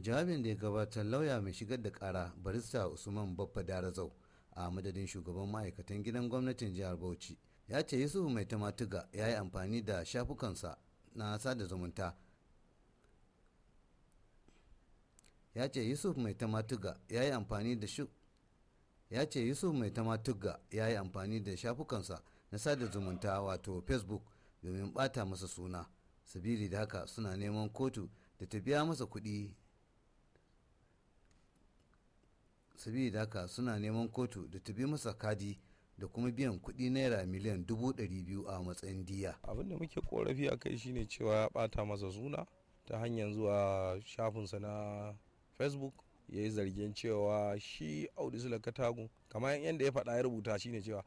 jawabin da ya gabatar lauya mai shigar da kara barista usman baffa darazau a madadin shugaban ma'aikatan gidan gwamnatin jihar bauchi ya ce yusuf mai tamatuga ya yi amfani da shafukansa na sada zumunta ya ce yusuf mai tamatuga ya yi amfani da shu ya ce yusuf mai tamatuga ya yi amfani da shafukansa na sada zumunta wato facebook domin bata masa suna sabili da haka suna neman kotu da ta biya masa kuɗi sabida haka suna neman kotu da ta bi masa kadi da kuma biyan kuɗi naira miliyan dubu ɗari biyu a matsayin diya abin da muke korafi a kai shine cewa ya bata masa suna ta hanyar zuwa shafinsa na facebook ya yi zargin cewa shi audu sula katagun kamar yadda ya faɗa ya rubuta ne cewa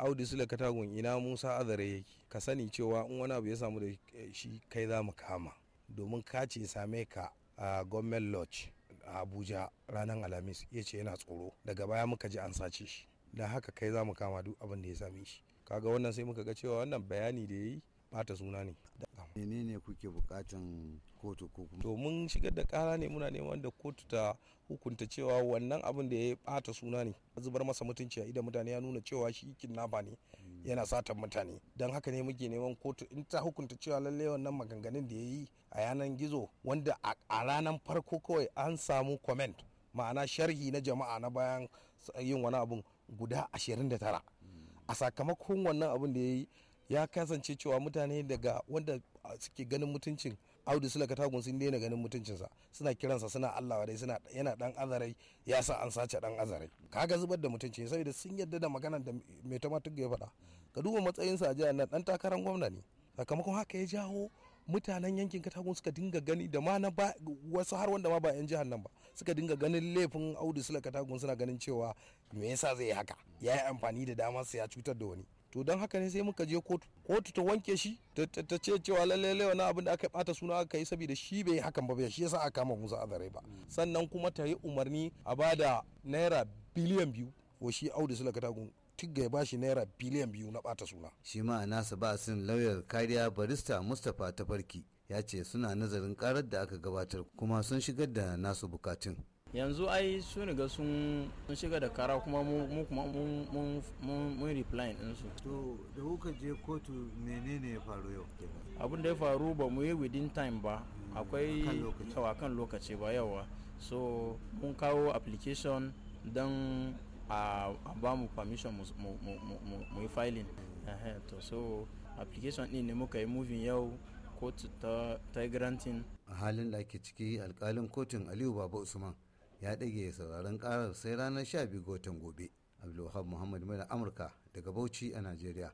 audu sula katagun ina musa azare yake ka sani cewa in wani abu ya samu da shi kai za mu kama domin kace ce same ka a gwamnan lodge a abuja ranar alhamis ya ce yana tsoro daga baya muka ji an sace shi don haka kai za mu kama duk abin da ya same shi kaga wannan sai muka ga cewa wannan bayani da ya yi bata suna ne menene kuke bukatan kotu ko to mun shigar da kara ne muna neman da kotu ta hukunta cewa wannan abin da ya bata suna ne zubar masa mutunci a idan mutane ya nuna cewa shi kidnapper ne yana satan mutane don haka ne muke neman kotu in ta hukunta cewa lalle wannan maganganun da ya yi a yanar gizo wanda a ranar farko kawai an samu comment ma'ana sharhi na jama'a na bayan yin wani abun guda 29 a sakamakon wannan abun da ya yi ya kasance cewa mutane daga wanda suke ganin mutuncin audu sulaka tagun sun daina ganin mutuncinsa suna kiransa suna allah dai suna yana dan azarai ya sa an sace dan azarai kaga zubar da mutunci saboda sun yadda da magana da mai tamatuk ya faɗa ka duba matsayinsa a jihar nan dan takarar gwamna ne sakamakon haka ya jawo mutanen yankin katagun suka dinga gani da ma na wasu har wanda ma ba 'yan jihar nan ba suka dinga ganin laifin audu sula katagun suna ganin cewa me yasa zai haka ya yi amfani da damar su ya cutar da wani to don haka ne sai muka je kotu kotu ta wanke shi ta ce cewa lalle wani abin da aka bata suna aka yi saboda shi bai hakan ba bai shi yasa aka kama musa azare ba sannan kuma ta yi umarni a bada naira biliyan biyu wa shi audu sula katagun tigga ya bashi naira biliyan biyu na bata suna shi ma nasa ba sin lauyar kariya barista mustapha tafarki ya ce suna nazarin karar da aka gabatar kuma sun shigar da nasu bukatun yanzu ai sun riga sun shiga da kara kuma mu kuma mun reply ɗinsu. to da kuka je kotu menene ya faru yau abin da ya faru ba mu yi within time ba hmm, akwai yawa lokaci ba yawa so mun kawo application don a ah, ba mu permission mu yi filing to so application din ne muka yi moving yau court ta granting a halin da ake ciki alkalin kotun aliyu baba usman ya dage sauraron karar sai ranar 12 ga watan gobe abdulwahab muhammad mai amurka daga bauchi a najeriya